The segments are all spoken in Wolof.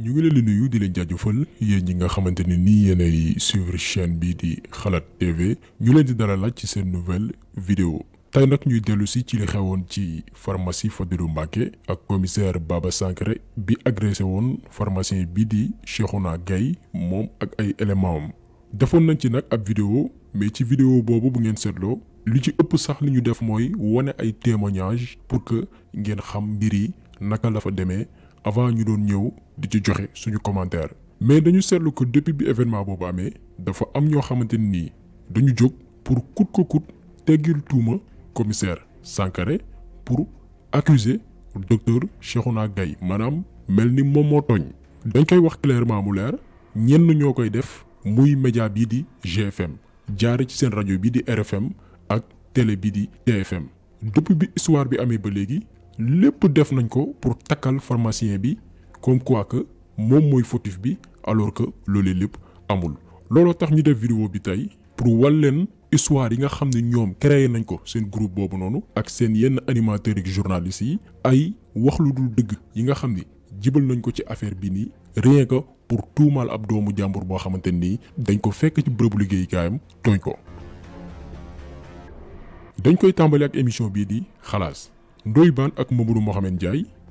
ñu ngi leen di nuyu di leen jaajëfal yéen ñi nga xamante ni nii yéen ay suivre chaîne bii di xalaat TV ñu leen di dara laaj ci seen nouvelle vidéo tey nag ñuy dellu si ci li xewoon ci pharmacie Fadilou Mbacké ak commissaire Baba Sankaré bi agressé woon pharmacien bi di Cheikhouna Gaye moom ak ay éléments am defoon nañ ci nag ab vidéo mais ci vidéo boobu bu ngeen seetloo li ci ëpp sax li ñu def mooy wane ay témoignages pour que ngeen xam mbir yi naka la fa demee avant ñu doon ñëw. di ci joxe suñu commentaire mais dañu seetlu ko depuis bi événement boobu amee dafa am ñoo xamante nii dañu jóg pour coûte que coûte teggil tuuma commissaire Sankharé pour accuser docteur Cheikhouna Gaye maanaam mel ni moom moo tooñ dañ koy wax clairement mu leer ñenn ñoo koy def muy média bii di GFM jaare ci seen rajo bii di RFM ak télé bi di TFM depuis bi histoire bi amee ba léegi lépp def nañ ko pour takkal pharmacien bi comme quoi que mom moy fautif alors que lolé lepp amul. lolo tax ñu def vidéo bi pour wal histoire yi nga ñom créer nañ ko groupe bobu nonu ak seen yenn animateur ak journalistes ay wax dul dëgg yi nga affaires, jibal nañ affaire rien que pour tout ab doomu dañ ko fekk ci ko. dañ koy tambali ak émission bi di khalas Ndoye Bane ak Mamadou Mohamed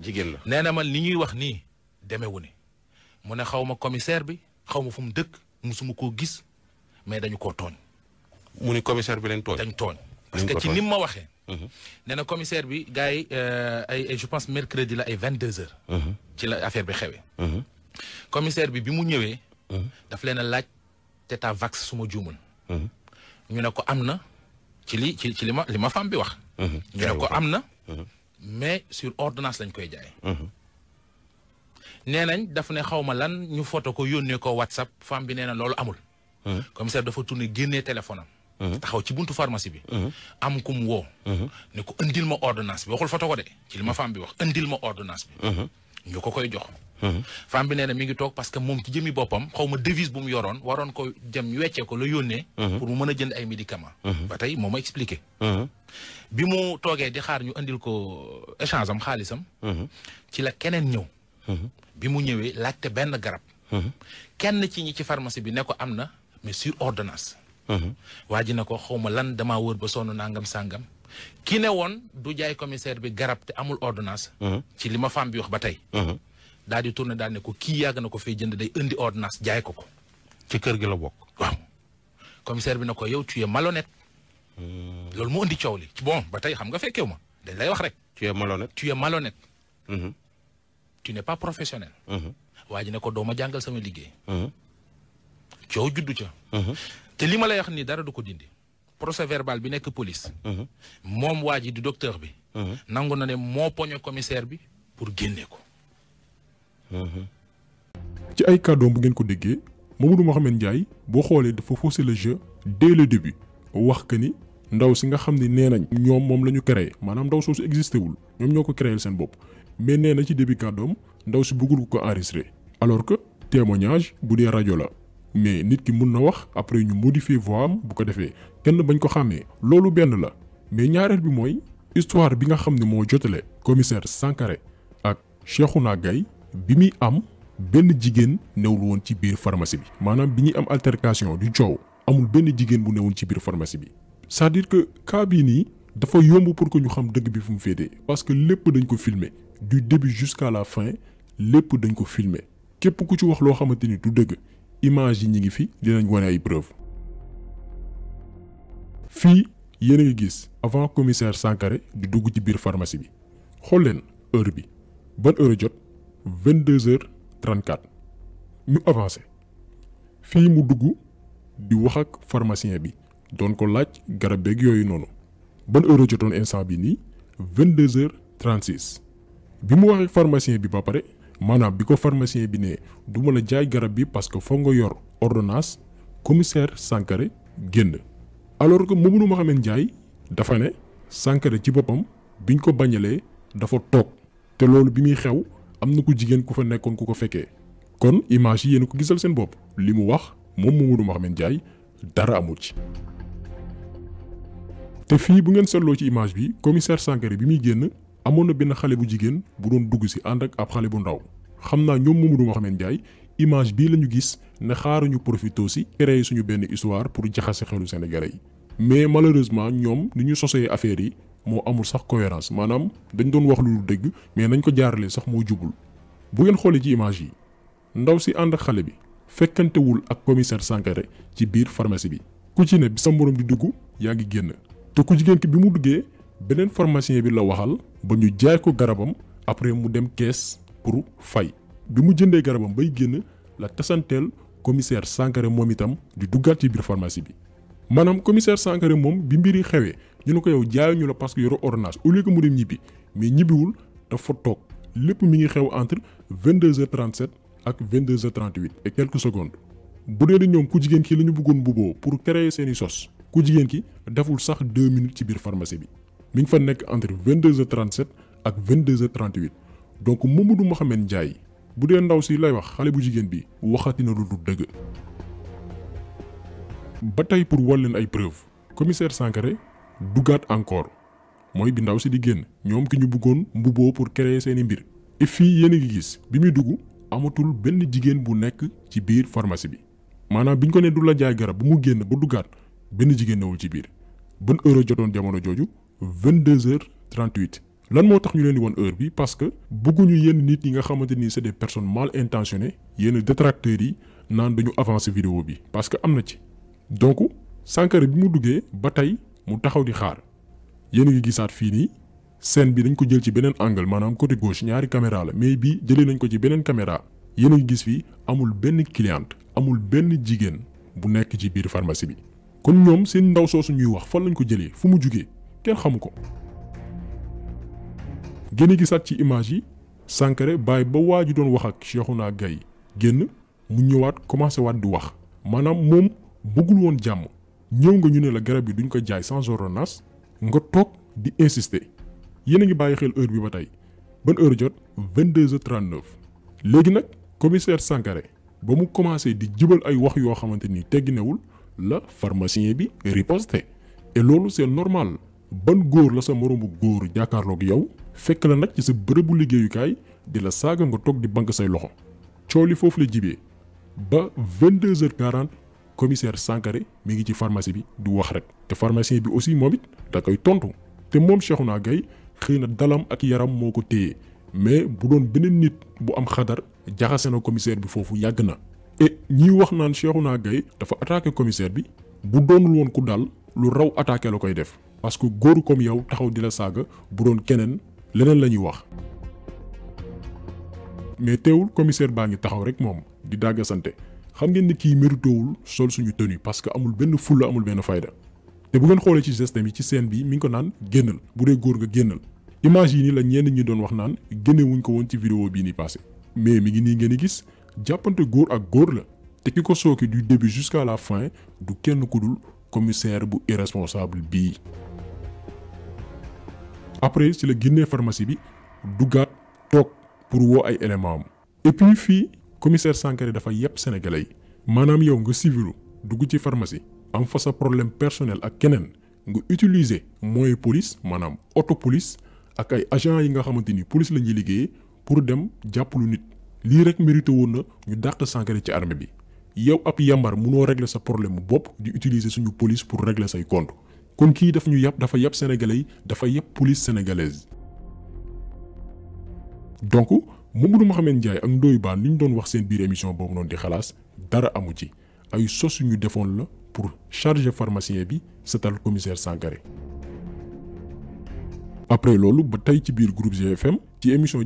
jigéen la nee na man li ñuy wax nii demewu ne mu ne xaw ma commissaire bi xaw ma fu mu dëkk musuma koo gis mais dañu ko tooñ. mu ni commissaire bi leen tooñ. dañ tooñ parce que ci ni ma waxee. Mhm. nee na commissaire bi gars yi euh, ay je pense mercredi la ay vingt deux heures. Mhm. ci la affaire bi xewee. Mhm. commissaire bi bi mu ñëwee. daf leen a laaj teta vax su ma juumul. ñu ne ko am na ci li ci li ma li ma femme bi wax. ñu ne ko am na. mais sur ordinance lañ koy jaay. Mhm. nee nañ daf ne xaw ma lan ñu foto ko yónnee ko whatsapp femme bi nee na loolu amul. comme commissaire dafa tourné génnee téléphone am. Mhm. taxaw ci buntu pharmacie bi. Mhm. am ku mu woo. ne ko indil ma ordonnance bi waxul foto ko de ci li ma femme bi wax indil ma ordonnance bi. ñu ko koy jox. Mhm. femme bi nee na mi ngi toog parce que moom ci jëmi boppam xaw ma devise bu mu yoroon waroon ko jëm weccee ko la yónnee. Mhm. pour mu mën a jënd ay médicament mhm. ba tey moo ma expliqué. bi mu toogee di xaar ñu indil ko échange am xaalisam. ci la keneen ñëw. bi mu ñëwee laajte benn garab. kenn ci ñi ci pharmacie bi nekko am na mais sur ordonnance. Mhm. waa ji na ko xaw ma lan damaa wër ba sonn nangam sàngam ki ne woon du jaay commissaire bi garab te amul ordonnance. Mhm. ci li ma femme bi wax ba tey. Mhm. daal di tourné daal ne ko kii yàgg na ko fay jënd day indi ordonnance jaay ko ko. ci kër gi la bokk. waaw commissaire bi na ko yow tu es malhonnête. loolu moo indi coow li bon ba tey xam nga fekkew ma dañ lay wax rek. tu es malhonnête tu es malhonnête. tu ne pas professionnel. waa ji ne ko doo ma jàngal sama liggéey. coow juddu te li ma lay wax nii dara du ko dindi procès verbal bi nekk police. Mhm. moom waa ji di docteur bi. Mhm. nangu na ne moo poñe commissaire bi pour génne ko. Mhm. ci ay kàddoom bu ngeen ko déggee Mamadou Mouhamed Ndiaye boo xoolee dafa fausser le jeu dès le début wax que ni ndaw si nga xam ne nee nañ. ñoom moom la ñu créé maanaam ndaw soosu existé wul ñoom ñoo ko créé seen bopp mais nee na ci début kàddoom ndaw si bëggul ko enregistré alors que témoignage bu dee rajo la mais nit ki mun na wax après ñu modifier voix am bu ko defee kenn bañ ko xàmmee loolu benn la mais ñaareel bi mooy histoire bi nga xam ne moo jotale commissaire Sankharé ak Cheikhouna gay bi muy am benn jigéen newul woon ci biir pharmacie bi maanaam bi ñuy am altercation du coow amul benn jigéen bu newul ci biir pharmacie bi c'est-à-dire que cas bii nii dafa yomb pour que ñu xam dëgg bi fu mu féetee parce que lépp dañ ko filmer du début jusqu'à la fin lépp dañ ko filmer képp ku ci wax loo xamante ni du dëgg image yi ñi ngi fi dinañ wane ay preuve fii yéen a ngi gis avant commissaire Sankaré di dugg ci biir pharmacie bi xool leen heure bi ban heure jot vingt deux heures trente quatre ñu avancé fii mu dugg di wax ak pharmacien bi doon ko laaj garab beeg yooyu noonu ban heure jotoon instant bi nii vingt deux heures trente six bi mu waxee pharmacien bi ba pare Mana biko pharmacien bi ne du ma la jaay garab bi parce que yor ordonnance commissaire sankare genn alors que ma xamene dafane dafa ne sankare ci bopam biñ ko bañalee dafa tok té loolu bi mi xew am ko jigen ku fa nekkon ku ko fekke kon image yi yéen ko gissal sen bop limu wax mom ma xamene dara amul ci té fi bu ngeen seetloo ci image bi commissaire sankare bi mi genn amono ben xalé bu jigen bu doon dugg si andak ab xalé bu ndaw xamna ñom image bi lañu gis ne xaaruñu profité si créé suñu benn histoire pour jaxase xelu Sénégalais mais malheureusement ñom ñu affaire yi mo amul sax cohérence manam dañ doon wax lu dëgg mais nañ ko sax jubul bu image yi ndaw si and ak bi bi wul ak commissaire ci biir pharmacie bi ku ci ne bi sa bi mu duggee beneen pharmacien bi la waxal ba ñu ko garabam après mu dem pour fay bi mu garabam bay génn la tasanteel commissaire Sankaré momitam itam di duggaat ci bir pharmacie bi Manam commissaire Sankaré mom bi mbiri xewé ñu ko yow ñu la parce que yoro ordonnance au lieu que mu dem ñibi mais ñibbiwul dafa tok. lépp mi ngi xew entre 22h37 ak 22h38 et quelques secondes bu dee ñom ku jigéen ki la ñu pour créer seeni sos ku jigéen ki deful sax 2 minutes ci bir pharmacie bi mi ngi fa nek entre 22h37 ak 22h38. donc Mamadou Mouhamed Ndiaye bu dee ndaw si lay wax xale bu jigéen bi waxati na lu dul dëgg. tey pour wal leen ay preuve commissaire Sankaré duggaat encore mooy bi ndaw si di génn ñoom ki ñu bëggoon mbuboo pour créer seeni mbir. et fii yéen a ngi gis bi muy dugg amatul benn jigéen bu nekk ci biir pharmacie bi maanaam bi ñu ko ne du la jaay garab bu mu génn ba duggaat benn jigéen newul ci biir bën heure jotoon jamono jooju 22 heures 38. lan moo tax ñu leen di won heure bi parce que bëgguñu yenn nit yi nga xamante ni c'est des personnes mal intentionnées yenn détracteurs yi naan dañu avancer vidéo bi parce que am na ci donc Sankara bi mu duggee ba tey mu taxaw di xaar yéen a ngi gisaat fii nii scène bi dañ ko jël ci beneen angle maanaam côté gauche ñaari caméra la mais bi jëlee nañ ko ci beneen caméra yéen a ngi gis fii amul benn cliente amul benn jigéen bu nekk ci biir pharmacie bi kon ñoom seen ndaw soosu ñuy wax fan lañ ko jëlee fu mu jugee kenn xamu ko. gën gi gisaat ci image yi Sankharé bàyyi ba waa ji doon wax ak Cheikhouna gay génn mu ñëwaat commencé waat di wax maanaam moom bëggul woon jàmm ñëw nga ñu ne la garab yi duñ ko jaay sans ordonnance nga toog di insister yéen a ngi bàyyi xel heure bi ba tey ban heure jot 22h39 léegi nag commissaire Sankharé ba mu commencé di jëbal ay wax yoo xamante ni tegginewul la pharmacien bi riposté et loolu seen normal ban góor la sa moroomu góor jàkkaarloog yow fekk la nag ci sa bërëbu liggéeyukaay di la saaga nga toog di banque say loxo coow li foofu la jibee ba 22h40 commissaire Sankaré mi ngi ci pharmacie bi du wax rek te pharmacien bi aussi moom it da koy tontu te moom naa Gaye xëy na dalam ak yaram moo ko téye mais bu doon beneen nit bu am xadar jaxasee na commissaire bi foofu yàgg na. et ñiy wax naan naa gay dafa attaqué commissaire bi bu doonul woon ku daal lu raw attaqué la koy def parce que góor comme yow di la saaga bu doon leneen la ñuy wax mais teewul commissaire baa ngi taxaw rek moom di dàgga sante xam ngeen ni kii méritowul sol suñu tenue parce que amul benn fulla amul benn fayda te bu ngeen xoolee ci geste bi ci scène bi mi ngi ko naan génnal bu dee góor nga génnal image yi nii la ñeen ñi doon wax naan génne wuñ ko woon ci vidéo bi ni passé mais mi ngi nii ngeen di gis jàppante góor ak góor la te ki ko sooke du début jusqu'à la fin du kenn ku dul commissaire bu irresponsable bii après ci le guiné pharmacie bi Douga Tok pour wo ay éléments am et puis fi commissaire Sankaré dafa yépp sénégalais manam yow nga civilu dugg ci pharmacie am fa sa problème personnel ak Kenen, nga utiliser moy police manam auto police ak ay agents yi nga xamante police la ñuy pour dem jàppalu nit li rek mérité woon ñu dàq Sankaré ci armée bi yow ap yambar mëno régler sa problème bop di utiliser suñu police pour régler say compte kon ki daf ñu sénégalais police sénégalaise donc Mamadou Mohamed Ndiaye ak en doon wax seen biir émission di xalaas dara amu la pour pharmacien bi commissaire Sangaré après loolu ba ci biir groupe GFM ci émission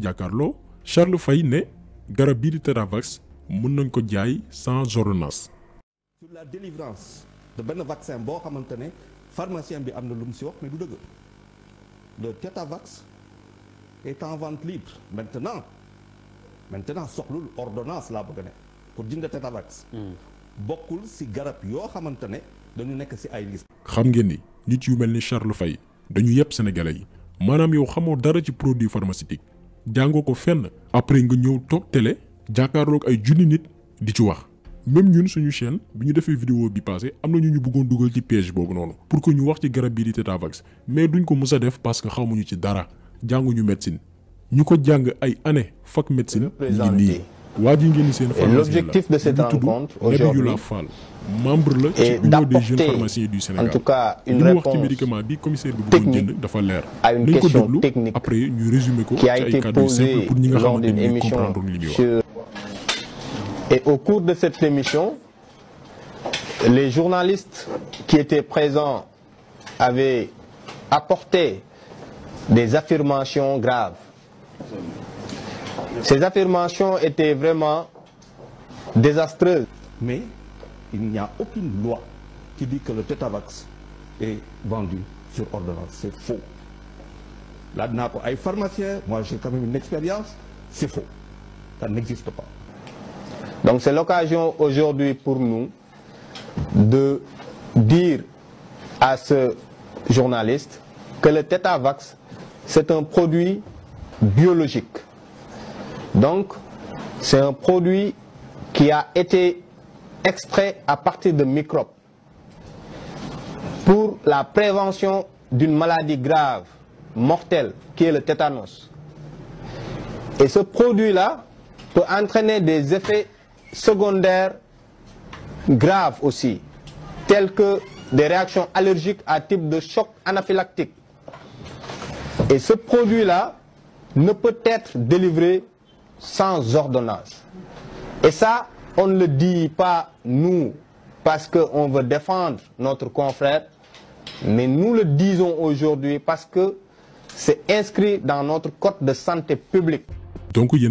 Charles Faye ne di sans ordonnance. sur la délivrance de vaccin pharmacien bi amna na lu si wax mais du deug le Tetavax est en vente libre maintenant maintenant soxlul ordonnance la bëgg ne pour jinde Tetavax hmm. bokul si garap yo xamante dañu nek ci ay liste xam ngeen ni nit yu melni ni Charles Faye dañu yëpp sénégalais yi maanaam yow xamoo dara ci produit pharmaceutique jàngoo ko fenn après nga ñew toog télé jakarlok ay junni nit di ci wax même ñun suñu chaîne bi ñu defee vidéo bi passé amna ñu ñu bëggoon duggal ci piège bobu noonu pour que ñu wax ci garab bi di Tetavax mais duñ ko mës def parce que ñu ci dara ñu médecine ñu ko jàng ay année fak médecine ñu ngi nii ngeen seen pharmacien l'objectif de cette rencontre aujourd'hui membre le ci bureau des jeunes pharmaciens du Sénégal en tout cas une réponse wax médicament bi commissaire bi bëggoon jënd dafa leer une question technique après ñu résumer ko ci ay cadres yu simple pour ñi nga xamante ni comprendre li muy wax et au cours de cette émission, les journalistes qui étaient présents avaient apporté des affirmations graves. Ces affirmations étaient vraiment désastreuses. Mais il n'y a aucune loi qui dit que le Tetavax est vendu sur ordonnance. C'est faux. Là, il y a pharmacien, moi j'ai quand même une expérience, c'est faux. Ça n'existe pas. Donc c'est l'occasion aujourd'hui pour nous de dire à ce journaliste que le tétavax, c'est un produit biologique. Donc, c'est un produit qui a été extrait à partir de microbes pour la prévention d'une maladie grave, mortelle, qui est le tétanos. Et ce produit-là peut entraîner des effets secondaires graves aussi, telles que des réactions allergiques à type de choc anaphylactique. Et ce produit-là ne peut être délivré sans ordonnance. Et ça, on ne le dit pas nous parce qu'on veut défendre notre confrère, mais nous le disons aujourd'hui parce que c'est inscrit dans notre code de santé publique. Donc, il y a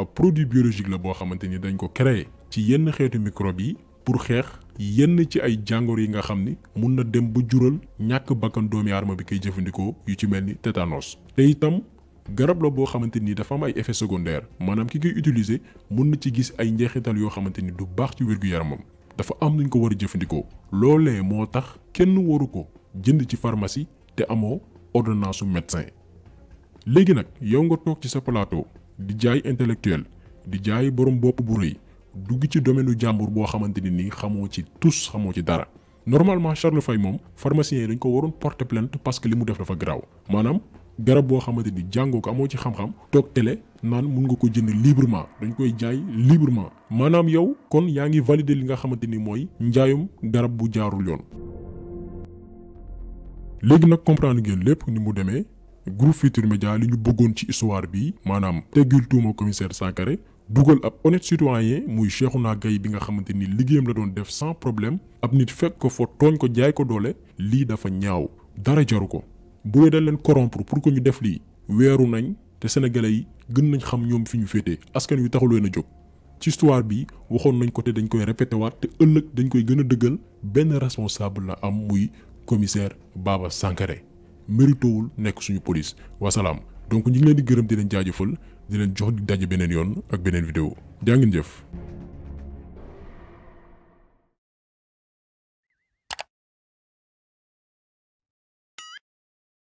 ab produit biologique la boo xamante ni dañ ko créer ci yenn xeetu microbe yi pour xeex yenn ci ay jàngoro yi nga xam ni mun na dem ba jural ñàkk bakkan doomi aadama bi koy jëfandikoo yu ci mel ni tétanos te itam garab la boo xamante ni dafa am ay effets secondaires maanaam ki koy utiliser mun na ci gis ay njeexital yoo xamante ni du baax ci wér yaramam dafa am nuñ ko war a jëfandikoo loolee moo tax kenn waru ko jënd ci pharmacie te amoo ordonnance su léegi nag yow nga ci sa plateau di jaay intellectuel di jaay borom bopp bu rëy dugg ci domaine jàmbur boo xamante ni nii xamoo ci tous xamoo ci dara normalement Charles fay moom pharmacien yi dañ ko waroon porter plainte parce que li mu def dafa garaaw maanaam garab boo xamante ni jàngoo ko amoo ci xam-xam toog télé naan mun nga ko jënd librement dañ koy jaay librement maanaam yow kon yaa ngi valider li nga xamante ni mooy njaayum garab bu jaarul yoon léegi nag comprendre ngeen lépp ni mu demee groupe Futurs Médias li ñu bëggoon ci histoire bi maanaam teggil tuuma commissaire Sankaré dugal ab honnête citoyen muy na Gaye bi nga xamante ni liggéeyam la doon def sans problème ab nit fekk ko fa tooñ ko jaay ko doole lii dafa ñaaw dara jaru ko bu dee leen corrompre pour que ñu def lii weeru nañ te sénégalais yi gën nañ xam ñoom fi ñu féetee askan wi taxul leen a jóg ci histoire bi waxoon nañ ko te dañ koy répété waat te ëllëg dañ koy gën a dëggal benn responsable la am muy commissaire Baba Sankaré méritowul nekk suñu police wasalaam donc ñu leen di gërëm di leen jaajëfal di leen jox di daje beneen yoon ak beneen vidéo jaa ngeen jëf